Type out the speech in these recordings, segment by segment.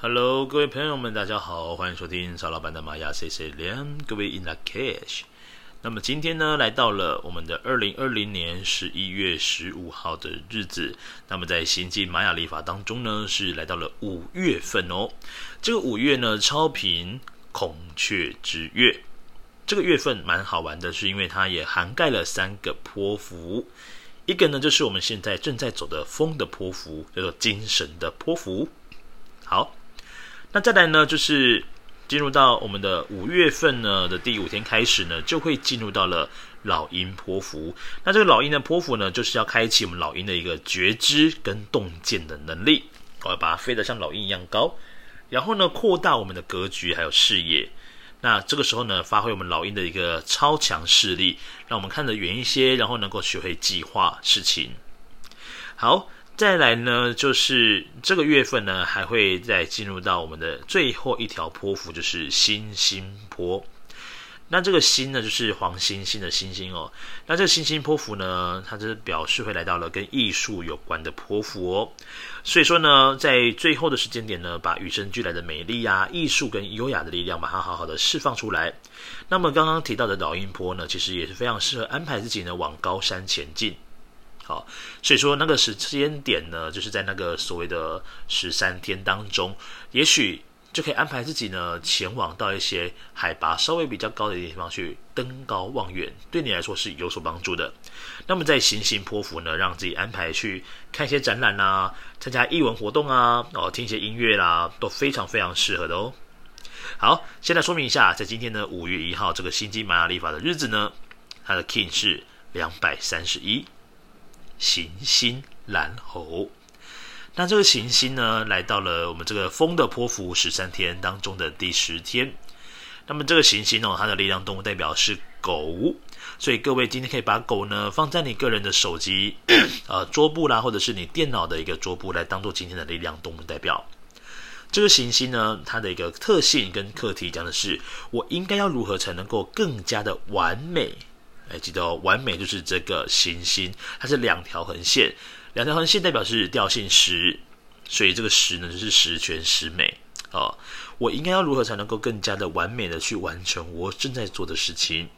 Hello，各位朋友們，大家好，歡迎收聽邵老板的瑪雅 C C 連，各位 In lak'ech。那麼今天呢，來到了我們的二零二零年十一月十五號的日子。那麼在星際瑪雅曆法當中呢，是來到了五月份哦。這個五月呢，超頻孔雀之月。這個月份蠻好玩的，是因為它也涵蓋了三個波符，一個呢就是我們現在正在走的風的波符，叫做精神的波符。好。那再來呢，就是進入到我們的五月份呢的第五天開始呢，就會進入到了老鷹波符。那這個老鷹的波符呢，就是要開啟我們老鷹的一個覺知跟洞見的能力，我要把它飛得像老鷹一樣高，然後呢，擴大我們的格局還有視野。那這個時候呢，發揮我們老鷹的一個超強視力，讓我們看得遠一些，然後能夠學會計劃事情。好。再來呢，就是這個月份呢，還會再進入到我們的最後一條波符，就是星星波。那這個星呢，就是黃星星的星星哦。那這個星星波符呢，它就是表示會來到了跟藝術有關的波符哦。所以說呢，在最後的時間點呢，把與生俱來的美麗呀、啊、藝術跟優雅的力量，把它好好的釋放出來。那麼剛剛提到的老鷹波呢，其實也是非常適合安排自己呢往高山前進。好，所以說那個時間點呢，就是在那個所謂的十三天當中，也許就可以安排自己呢前往到一些海拔稍微比較高的地方去登高望遠，對你來說是有所幫助的。那麼在行星波符呢，讓自己安排去看一些展覽啊，參加藝文活動啊，哦，聽一些音樂啦、啊，都非常非常適合的哦。好，先來說明一下，在今天呢五月一號這個新基馬雅曆法的日子呢，它的 King 是兩百三十一。行星藍猴，那這個行星呢，來到了我們這個風的波符十三天當中的第十天。那麼這個行星哦，它的力量動物代表是狗，所以各位今天可以把狗呢放在你個人的手機、呃桌布啦，或者是你電腦的一個桌布來當做今天的力量動物代表。這個行星呢，它的一個特性跟課題講的是：我應該要如何才能夠更加的完美？哎，記得，哦，完美就是這個行星，它是兩條橫線，兩條橫線代表是調性十，所以這個十呢就是十全十美。哦，我應該要如何才能夠更加的完美的去完成我正在做的事情？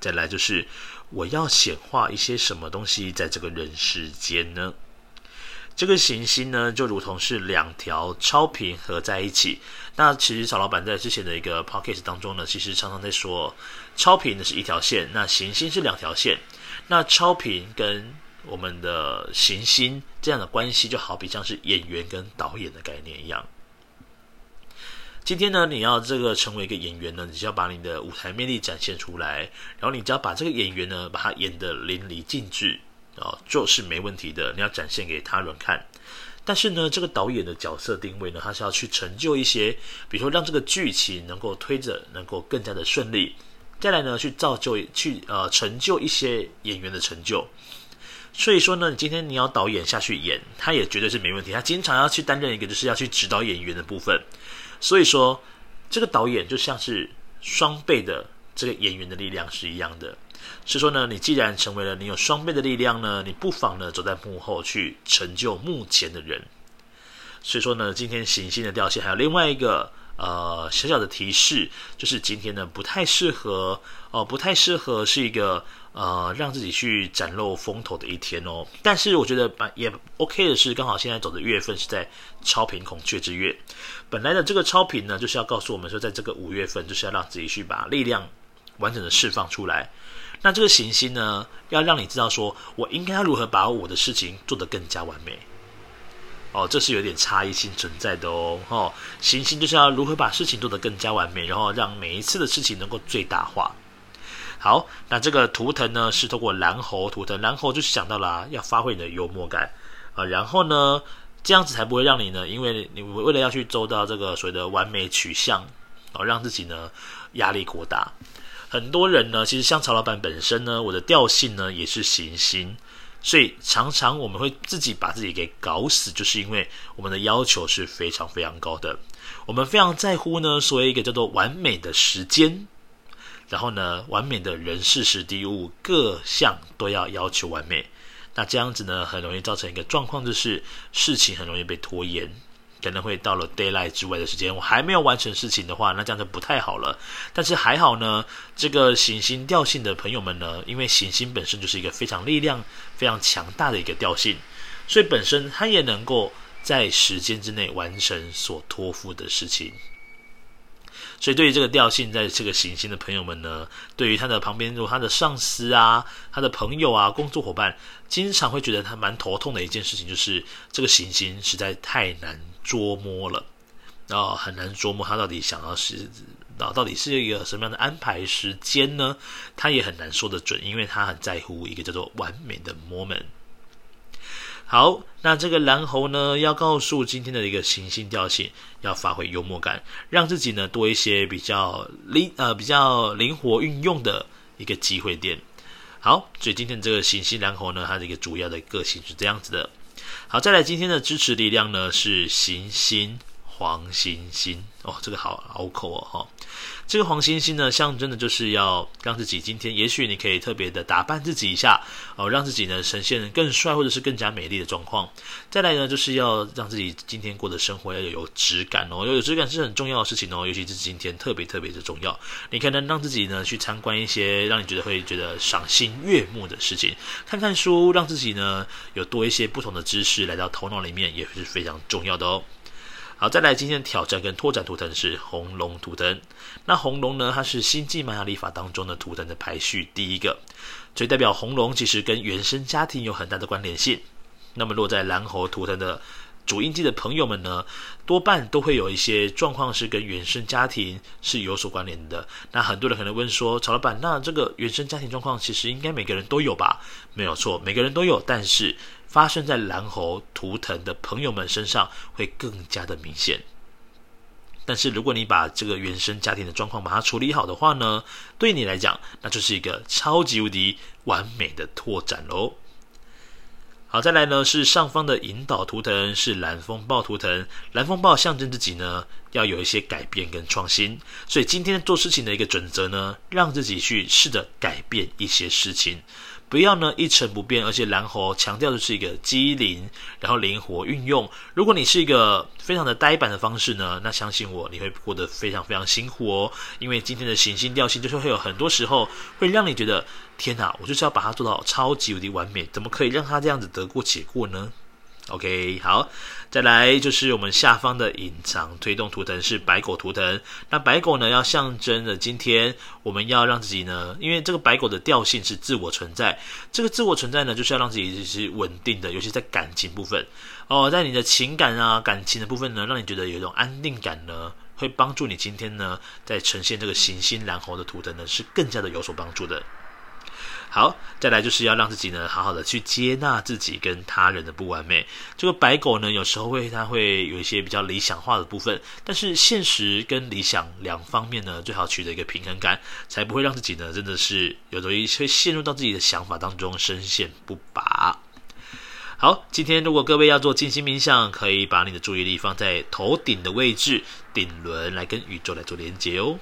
再來就是我要顯化一些什麼東西在這個人世間呢？這個行星呢就如同是兩條超頻合在一起。那其實曹老板在之前的一個 podcast 當中呢，其實常常在說，超頻呢是一條線，那行星是兩條線。那超頻跟我們的行星這樣的關係就好比像是演員跟導演的概念一樣。今天呢，你要這個成為一個演員呢，你就要把你的舞台魅力展現出來，然後你只要把這個演員呢，把它演得淋漓盡致啊，就是沒問題的。你要展現給他人看。但是呢，這個導演的角色定位呢，他是要去成就一些，比如說讓這個劇情能夠推着，能夠更加的順利，再來呢，去造就，去呃成就一些演員的成就。所以說呢，你今天你要導演下去演，他也絕對是沒問題。他經常要去擔任一個，就是要去指導演員的部分。所以說，這個導演就像是雙倍的這個演員的力量是一樣的。所以說呢，你既然成為了，你有雙倍的力量呢，你不妨呢走在幕後去成就幕前的人。所以說呢，今天行星的調性，還有另外一個呃小小的提示，就是今天呢不太適合哦，呃，不太適合是一個呃讓自己去展露風頭的一天哦。但是我覺得也 OK 的是，剛好現在走的月份是在超頻孔雀之月，本來的這個超頻呢就是要告訴我們說，在這個五月份就是要讓自己去把力量完整的釋放出來。那這個行星呢，要讓你知道說，說我應該如何把我的事情做得更加完美。哦，這是有點差異性存在的哦。哦，行星就是要如何把事情做得更加完美，然後讓每一次的事情能夠最大化。好，那這個圖騰呢，是透過藍猴圖騰，藍猴就想到了要發揮你的幽默感啊，然後呢，這樣子才不會讓你呢，因為你為了要去做到這個所謂的完美取向，哦，讓自己呢壓力過大。很多人呢，其實像曹老板本身呢，我的調性呢也是行星，所以常常我們會自己把自己給搞死，就是因為我們的要求是非常非常高的，我們非常在乎呢所謂一個叫做完美的時間，然後呢完美的人事時地物各項都要要求完美，那這樣子呢很容易造成一個狀況，就是事情很容易被拖延。可能會到了 daylight 之外的時間，我還沒有完成事情的話，那這樣就不太好了。但是還好呢，這個行星調性的朋友們呢，因為行星本身就是一個非常力量、非常強大的一個調性，所以本身它也能夠在時間之內完成所托付的事情。所以對於這個調性，在這個行星的朋友們呢，對於他的旁邊，如果他的上司啊、他的朋友啊、工作夥伴，經常會覺得他蠻頭痛的一件事情，就是這個行星實在太難捉摸了，然、哦、後很難捉摸他到底想要是、哦，到底是一個什麼樣的安排時間呢？他也很難說得準，因為他很在乎一個叫做完美的 moment。好，那這個藍猴呢，要告訴今天的一個行星調性，要發揮幽默感，讓自己呢多一些比較靈，呃，比較靈活運用的一個機會點。好，所以今天這個行星藍猴呢，它的一個主要的個性是這樣子的。好，再來今天的支持力量呢，是行星，黃星星哦，這個好拗口哦，哈、哦，這個黃星星呢，象徵的就是要讓自己今天，也許你可以特別的打扮自己一下哦，讓自己呢呈現更帥或者是更加美麗的狀況。再來呢，就是要讓自己今天過的生活要有質感哦，有質感是很重要的事情哦，尤其是今天特別特別的重要。你可能讓自己呢去參觀一些讓你覺得會覺得賞心悅目的事情，看看書，讓自己呢有多一些不同的知識來到頭腦裡面也是非常重要的哦。好，再來今天的挑戰跟拓展圖騰是紅龍圖騰。那紅龍呢，它是星際瑪雅曆法當中的圖騰的排序第一個，所以代表紅龍其實跟原生家庭有很大的關聯性。那麼落在藍猴圖騰的主印記的朋友們呢，多半都會有一些狀況是跟原生家庭是有所關聯的。那很多人可能問說，曹老板，那這個原生家庭狀況其實應該每個人都有吧？沒有錯，每個人都有，但是。發生在藍猴圖騰的朋友們身上會更加的明顯。但是如果你把這個原生家庭的狀況把它處理好的話呢，對你來講那就是一個超級無敵完美的拓展嘍。好，再來呢是上方的引導圖騰是藍風暴圖騰，藍風暴象徵自己呢要有一些改變跟創新，所以今天做事情的一個準則呢，讓自己去試着改變一些事情。不要呢一成不變，而且藍猴強調的是一個機靈，然後靈活運用。如果你是一個非常的呆板的方式呢，那相信我，你會過得非常非常辛苦哦。因為今天的行星調性就是會有很多時候會讓你覺得，天哪、啊，我就是要把它做到超級無敵完美，怎麼可以讓它這樣子得過且過呢？OK，好，再來就是我們下方的隱藏推動圖騰是白狗圖騰。那白狗呢，要象徵著，今天我們要讓自己呢，因為這個白狗的調性是自我存在，這個自我存在呢，就是要讓自己是穩定的，尤其在感情部分哦，在你的情感啊感情的部分呢，讓你覺得有一種安定感呢，會幫助你今天呢，在呈現這個行星藍猴的圖騰呢，是更加的有所幫助的。好，再來就是要讓自己呢好好的去接納自己跟他人的不完美。這個白狗呢，有時候會它會有一些比較理想化的部分，但是現實跟理想兩方面呢，最好取得一個平衡感，才不會讓自己呢真的是有着一些陷入到自己的想法當中，深陷不拔。好，今天如果各位要做靜心冥想，可以把你的注意力放在頭頂的位置，頂輪來跟宇宙來做連接哦。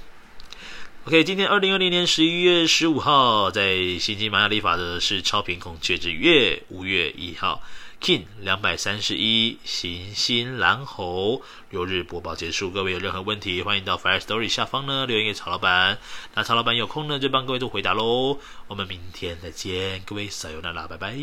OK，今天二零二零年十一月十五號，在星際瑪雅曆法的是超頻孔雀之月，五月一號，Kin 兩百三十一行星藍猴流日播報結束。各位有任何問題，歡迎到 Firstory 下方呢留言給曹老板，那曹老板有空呢就幫各位做回答嘍。我們明天再見，各位加油啦，Sayonara, 拜拜。